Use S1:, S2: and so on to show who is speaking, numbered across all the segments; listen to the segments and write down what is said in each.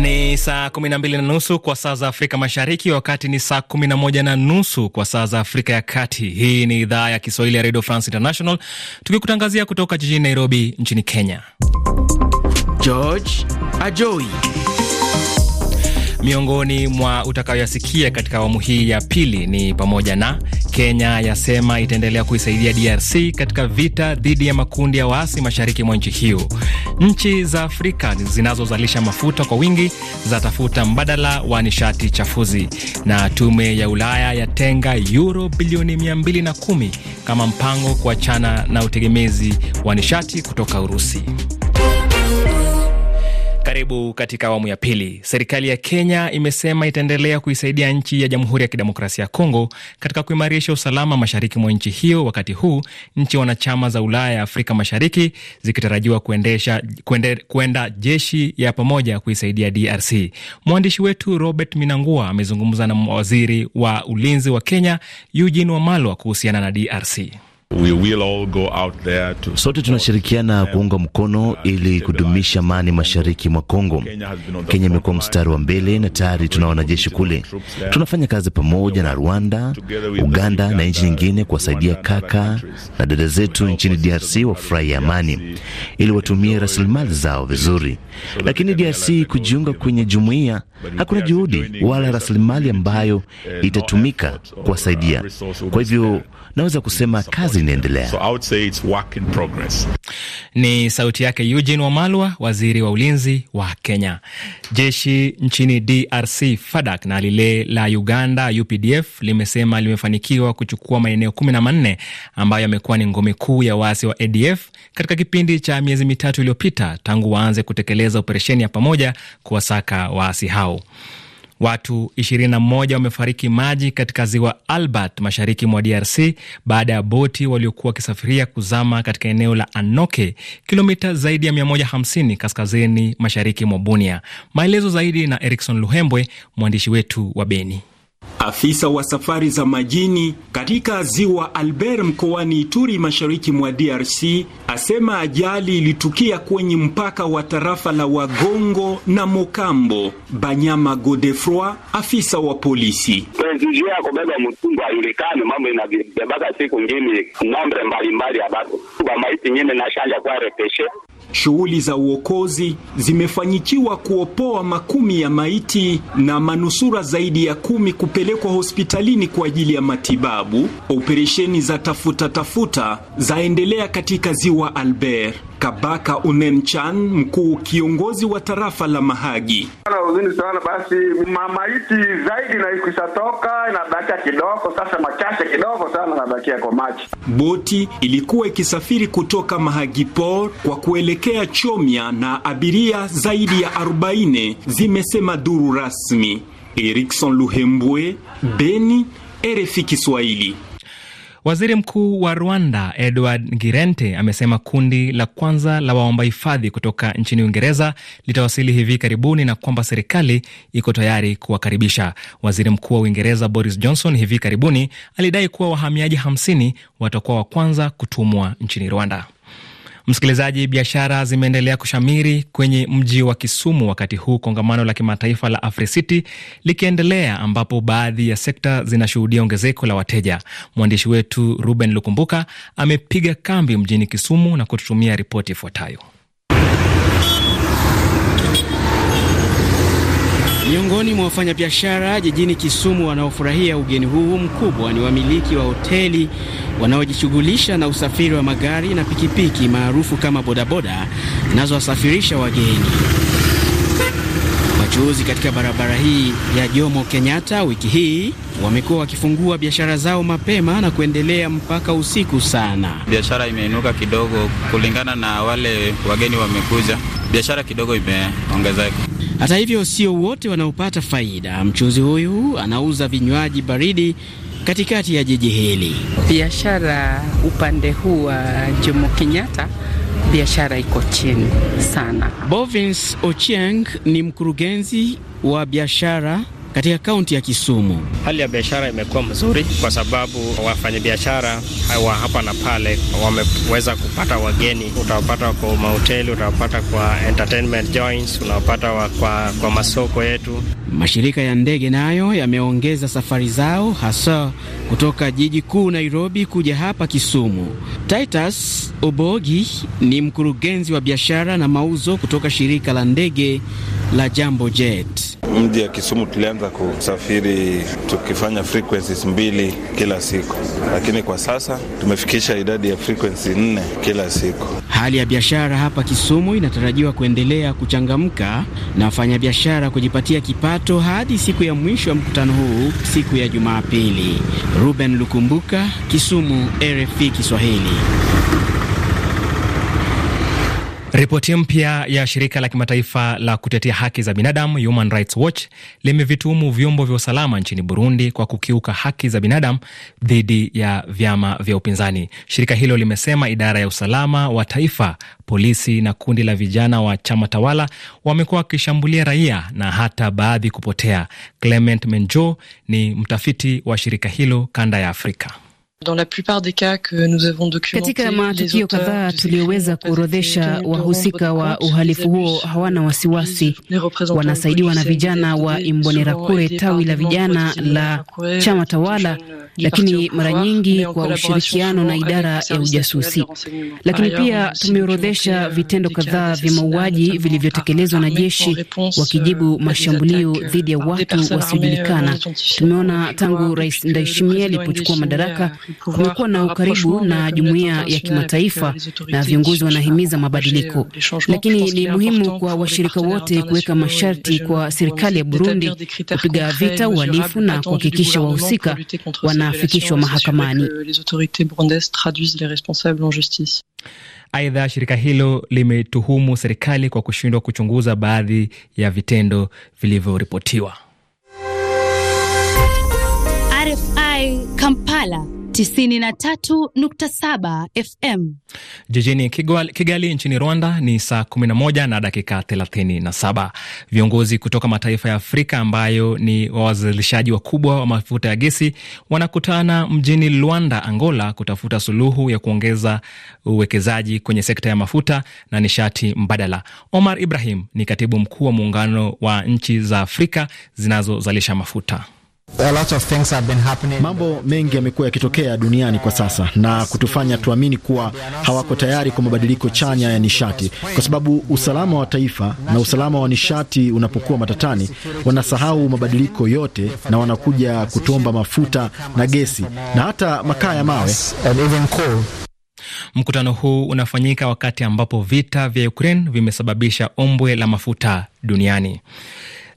S1: Ni saa 12 na nusu kwa saa za Afrika Mashariki, wakati ni saa 11 na nusu kwa saa za Afrika ya Kati. Hii ni idhaa ya Kiswahili ya Radio France International, tukikutangazia kutoka jijini Nairobi nchini Kenya.
S2: George Ajoi
S1: Miongoni mwa utakayoyasikia katika awamu hii ya pili ni pamoja na Kenya yasema itaendelea kuisaidia DRC katika vita dhidi ya makundi ya waasi mashariki mwa nchi hiyo. Nchi za Afrika zinazozalisha mafuta kwa wingi zatafuta mbadala wa nishati chafuzi, na tume ya Ulaya yatenga euro bilioni 210 kama mpango kuachana na utegemezi wa nishati kutoka Urusi. Karibu katika awamu ya pili. Serikali ya Kenya imesema itaendelea kuisaidia nchi ya Jamhuri ya Kidemokrasia ya Kongo katika kuimarisha usalama mashariki mwa nchi hiyo, wakati huu nchi wanachama za Ulaya ya Afrika Mashariki zikitarajiwa kuendesha kuende, kuenda jeshi ya pamoja kuisaidia DRC. Mwandishi wetu Robert Minangua amezungumza na waziri wa ulinzi wa Kenya Eugene Wamalwa kuhusiana na DRC.
S2: We will all go out there to... sote tunashirikiana kuunga mkono ili kudumisha amani mashariki mwa Kongo. Kenya imekuwa mstari wa mbele na tayari tuna wanajeshi kule. Tunafanya kazi pamoja na Rwanda,
S1: Uganda na nchi nyingine kuwasaidia kaka na dada zetu nchini DRC wafurahi amani, ili watumie rasilimali zao vizuri. Lakini DRC kujiunga kwenye jumuiya, hakuna juhudi wala rasilimali ambayo itatumika uh, kuwasaidia. Kwa hivyo naweza kusema kazi zinaendelea. So I
S3: would say it's work in progress.
S1: Ni sauti yake Eugene Wamalwa, waziri wa ulinzi wa Kenya. Jeshi nchini DRC FADAK na lile la Uganda UPDF limesema limefanikiwa kuchukua maeneo kumi na manne ambayo yamekuwa ni ngome kuu ya waasi wa ADF katika kipindi cha miezi mitatu iliyopita tangu waanze kutekeleza operesheni ya pamoja kuwasaka waasi hao. Watu 21 wamefariki maji katika ziwa Albert mashariki mwa DRC baada ya boti waliokuwa wakisafiria kuzama katika eneo la Anoke, kilomita zaidi ya 150 kaskazini mashariki mwa Bunia. Maelezo zaidi na Erikson Luhembwe, mwandishi wetu wa Beni.
S3: Afisa wa safari za majini katika ziwa Albert mkoani Ituri mashariki mwa DRC asema ajali ilitukia kwenye mpaka wa tarafa la Wagongo na Mokambo. Banyama Godefroi, afisa wa polisi: presuge ya kubeba mtungu haijulikani, mambo inabebaka siku ngine, nombre mbalimbali ya batu bamaiti nyine nashanja kwa repeshe Shughuli za uokozi zimefanyikiwa kuopoa makumi ya maiti na manusura zaidi ya kumi kupelekwa hospitalini kwa ajili ya matibabu. Operesheni za tafuta tafuta zaendelea katika ziwa Albert. Kabaka unemchan mkuu kiongozi wa tarafa la Mahagi. Huzuni sana basi, mamaiti zaidi na ikishatoka inabakia kidogo, sasa machache kidogo sana nabakia kwa machi. Boti ilikuwa ikisafiri kutoka Mahagi Port kwa kuelekea Chomia na abiria zaidi ya 40 zimesema duru rasmi. Erikson Luhembwe, Beni, RFI Kiswahili.
S1: Waziri Mkuu wa Rwanda Edward Ngirente amesema kundi la kwanza la waomba hifadhi kutoka nchini Uingereza litawasili hivi karibuni na kwamba serikali iko tayari kuwakaribisha. Waziri Mkuu wa Uingereza Boris Johnson hivi karibuni alidai kuwa wahamiaji 50 watakuwa wa kwanza kutumwa nchini Rwanda. Msikilizaji, biashara zimeendelea kushamiri kwenye mji wa Kisumu wakati huu kongamano la kimataifa la AfriCity likiendelea, ambapo baadhi ya sekta zinashuhudia ongezeko la wateja. Mwandishi wetu Ruben Lukumbuka amepiga kambi mjini Kisumu na kututumia
S2: ripoti ifuatayo. Miongoni mwa wafanyabiashara jijini Kisumu wanaofurahia ugeni huu mkubwa ni wamiliki wa hoteli wanaojishughulisha na usafiri wa magari na pikipiki maarufu kama bodaboda zinazowasafirisha wageni. Wachuuzi katika barabara hii ya Jomo Kenyatta wiki hii wamekuwa wakifungua biashara zao mapema na kuendelea mpaka usiku sana. Biashara imeinuka kidogo kulingana na wale wageni wamekuja, biashara kidogo imeongezeka. Hata hivyo, sio wote wanaopata faida. Mchuzi huyu anauza vinywaji baridi katikati ya jiji hili.
S4: Biashara upande huu wa Jomo Kenyatta
S2: biashara iko chini sana. Bovins Ochieng ni mkurugenzi wa biashara katika kaunti ya Kisumu. Hali ya biashara imekuwa mzuri kwa sababu wafanyabiashara wa hapa na pale wameweza kupata wageni.
S1: Utawapata kwa mahoteli, utawapata kwa entertainment joints, unawapata kwa, kwa masoko
S2: yetu. Mashirika ya ndege nayo yameongeza safari zao hasa kutoka jiji kuu Nairobi kuja hapa Kisumu. Titus Obogi ni mkurugenzi wa biashara na mauzo kutoka shirika la ndege la Jambo Jet.
S3: Mji ya Kisumu tulianza tulianza kusafiri tukifanya frequencies mbili kila siku, lakini kwa sasa tumefikisha idadi ya frequency nne kila siku.
S2: Hali ya biashara hapa Kisumu inatarajiwa kuendelea kuchangamka na wafanyabiashara kujipatia kipato hadi siku ya mwisho ya mkutano huu siku ya Jumapili. Ruben Lukumbuka, Kisumu, RFI Kiswahili.
S1: Ripoti mpya ya shirika la kimataifa la kutetea haki za binadamu Human Rights Watch limevituhumu vyombo vya usalama nchini Burundi kwa kukiuka haki za binadamu dhidi ya vyama vya upinzani. Shirika hilo limesema idara ya usalama wa taifa, polisi na kundi la vijana wa chama tawala wamekuwa wakishambulia raia na hata baadhi kupotea. Clement Menjo ni mtafiti wa shirika hilo kanda ya Afrika.
S3: Dans la plupart des cas que nous avons documenté, katika matukio kadhaa
S4: tuliyoweza kuorodhesha, wahusika wa uhalifu huo hawana wasiwasi, wanasaidiwa na vijana wa Imbonerakure, tawi la vijana la chama tawala, lakini mara nyingi kwa ushirikiano na idara ya ujasusi. Lakini pia tumeorodhesha vitendo kadhaa vya mauaji vilivyotekelezwa na jeshi wakijibu euh, mashambulio dhidi ya watu euh, wasiojulikana. Tumeona tangu Rais Ndayishimiye alipochukua madaraka Kumekuwa na ukaribu na jumuiya ya kimataifa na viongozi wanahimiza mabadiliko, lakini ni muhimu kwa washirika wote kuweka masharti kwa serikali ya Burundi kupiga vita uhalifu na kuhakikisha wahusika wanafikishwa mahakamani.
S1: Aidha, shirika hilo limetuhumu serikali kwa kushindwa kuchunguza baadhi ya vitendo vilivyoripotiwa.
S4: RFI Kampala 93.7 FM
S1: jijini Kigali, Kigali nchini Rwanda ni saa 11 na dakika 37. Viongozi kutoka mataifa ya Afrika ambayo ni wawazalishaji wakubwa wa mafuta ya gesi wanakutana mjini Luanda, Angola, kutafuta suluhu ya kuongeza uwekezaji kwenye sekta ya mafuta na nishati mbadala. Omar Ibrahim ni katibu mkuu wa muungano wa nchi za Afrika zinazozalisha mafuta.
S2: Mambo mengi yamekuwa yakitokea duniani kwa sasa na kutufanya tuamini kuwa hawako tayari kwa mabadiliko chanya ya nishati, kwa sababu usalama wa taifa na usalama wa nishati unapokuwa matatani, wanasahau mabadiliko yote na wanakuja kutuomba mafuta na gesi na hata makaa ya mawe.
S1: Mkutano huu unafanyika wakati ambapo vita vya Ukraine vimesababisha ombwe la mafuta duniani.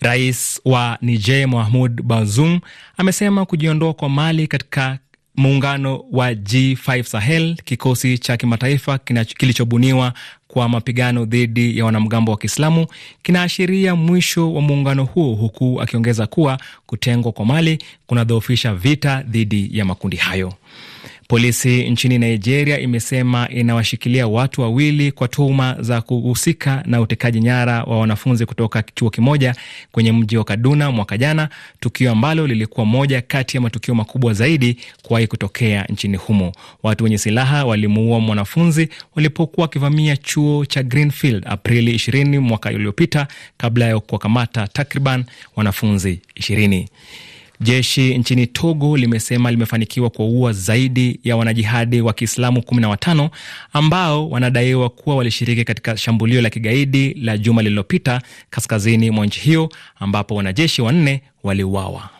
S1: Rais wa Niger mahmud Bazoum amesema kujiondoa kwa Mali katika muungano wa G5 Sahel, kikosi cha kimataifa kilichobuniwa kwa mapigano dhidi ya wanamgambo wa Kiislamu, kinaashiria mwisho wa muungano huo, huku akiongeza kuwa kutengwa kwa Mali kunadhoofisha vita dhidi ya makundi hayo. Polisi nchini Nigeria imesema inawashikilia watu wawili kwa tuhuma za kuhusika na utekaji nyara wa wanafunzi kutoka chuo kimoja kwenye mji wa Kaduna mwaka jana, tukio ambalo lilikuwa moja kati ya matukio makubwa zaidi kuwahi kutokea nchini humo. Watu wenye silaha walimuua mwanafunzi walipokuwa wakivamia chuo cha Greenfield Aprili 20 mwaka uliopita kabla ya kuwakamata takriban wanafunzi ishiri0i Jeshi nchini Togo limesema limefanikiwa kuwaua zaidi ya wanajihadi wa Kiislamu 15 ambao wanadaiwa kuwa walishiriki katika shambulio la kigaidi la juma lililopita kaskazini mwa nchi hiyo ambapo wanajeshi wanne waliuawa.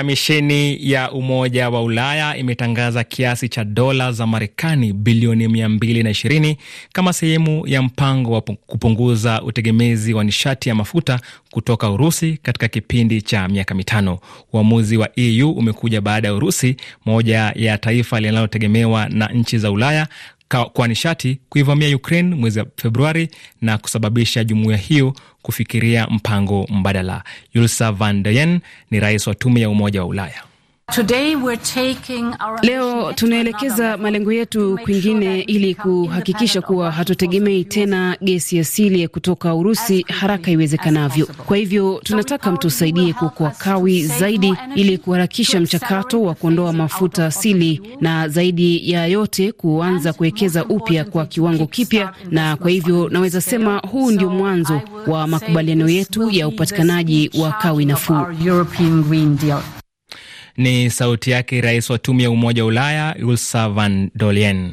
S1: Kamisheni ya Umoja wa Ulaya imetangaza kiasi cha dola za Marekani bilioni 220 kama sehemu ya mpango wa kupunguza utegemezi wa nishati ya mafuta kutoka Urusi katika kipindi cha miaka mitano. Uamuzi wa EU umekuja baada ya Urusi, moja ya taifa linalotegemewa na nchi za Ulaya, kwa nishati kuivamia Ukraine mwezi Februari na kusababisha jumuiya hiyo kufikiria mpango mbadala. Ursula von der Leyen ni rais wa tume ya Umoja wa Ulaya.
S4: Leo tunaelekeza malengo yetu kwingine ili kuhakikisha kuwa hatutegemei tena gesi asili kutoka Urusi haraka iwezekanavyo. Kwa hivyo tunataka mtusaidie kuokoa kawi zaidi ili kuharakisha mchakato wa kuondoa mafuta asili na zaidi ya yote kuanza kuwekeza upya kwa kiwango kipya, na kwa hivyo naweza sema huu ndio mwanzo wa makubaliano yetu ya upatikanaji wa kawi nafuu.
S1: Ni sauti yake rais wa tume ya Umoja wa Ulaya Ursula von der Leyen.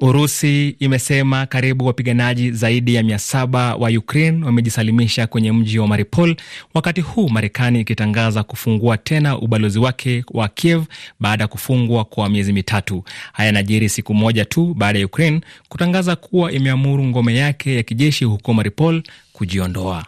S1: Urusi imesema karibu wapiganaji zaidi ya mia saba wa Ukraine wamejisalimisha kwenye mji wa Mariupol, wakati huu Marekani ikitangaza kufungua tena ubalozi wake wa Kiev baada ya kufungwa kwa miezi mitatu. Haya yanajiri siku moja tu baada ya Ukraine kutangaza kuwa imeamuru ngome yake ya kijeshi huko Mariupol kujiondoa.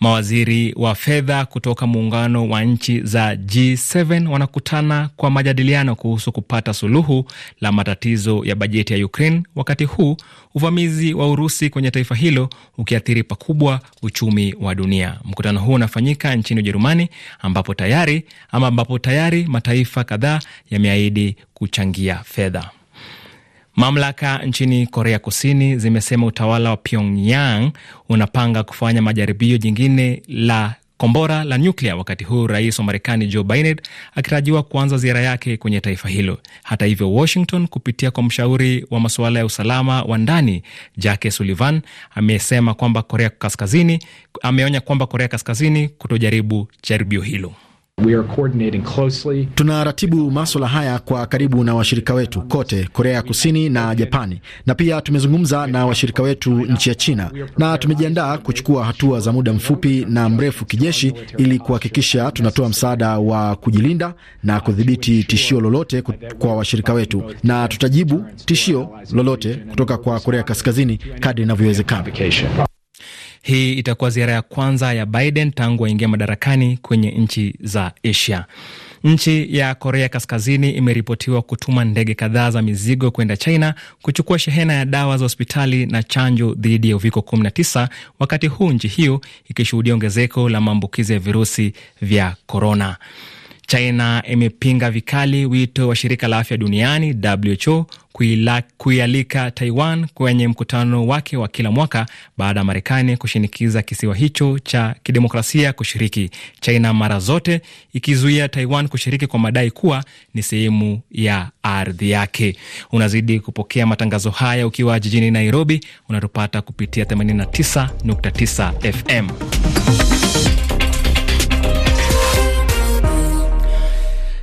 S1: Mawaziri wa fedha kutoka muungano wa nchi za G7 wanakutana kwa majadiliano kuhusu kupata suluhu la matatizo ya bajeti ya Ukraine, wakati huu uvamizi wa Urusi kwenye taifa hilo ukiathiri pakubwa uchumi wa dunia. Mkutano huu unafanyika nchini Ujerumani ambapo tayari ama ambapo tayari mataifa kadhaa yameahidi kuchangia fedha. Mamlaka nchini Korea Kusini zimesema utawala wa Pyongyang unapanga kufanya majaribio jingine la kombora la nyuklia, wakati huu rais wa Marekani Joe Biden akitarajiwa kuanza ziara yake kwenye taifa hilo. Hata hivyo, Washington kupitia kwa mshauri wa masuala ya usalama wa ndani Jake Sullivan amesema kwamba Korea Kaskazini, ameonya kwamba Korea Kaskazini kutojaribu jaribio hilo.
S2: Tunaratibu maswala haya kwa karibu na washirika wetu kote Korea ya Kusini na Japani, na pia tumezungumza na washirika wetu nchi ya China, na tumejiandaa kuchukua hatua za muda mfupi na mrefu kijeshi, ili kuhakikisha tunatoa msaada wa kujilinda na kudhibiti tishio lolote kwa washirika wetu, na tutajibu tishio lolote kutoka kwa Korea Kaskazini kadri inavyowezekana.
S1: Hii itakuwa ziara ya kwanza ya Biden tangu aingia madarakani kwenye nchi za Asia. Nchi ya Korea Kaskazini imeripotiwa kutuma ndege kadhaa za mizigo kwenda China kuchukua shehena ya dawa za hospitali na chanjo dhidi ya uviko 19, wakati huu nchi hiyo ikishuhudia ongezeko la maambukizi ya virusi vya korona. China imepinga vikali wito wa shirika la afya duniani WHO kuialika Taiwan kwenye mkutano wake wa kila mwaka baada ya Marekani kushinikiza kisiwa hicho cha kidemokrasia kushiriki. China mara zote ikizuia Taiwan kushiriki kwa madai kuwa ni sehemu ya ardhi yake. Unazidi kupokea matangazo haya ukiwa jijini Nairobi, unatupata kupitia 89.9 FM.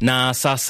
S2: na sasa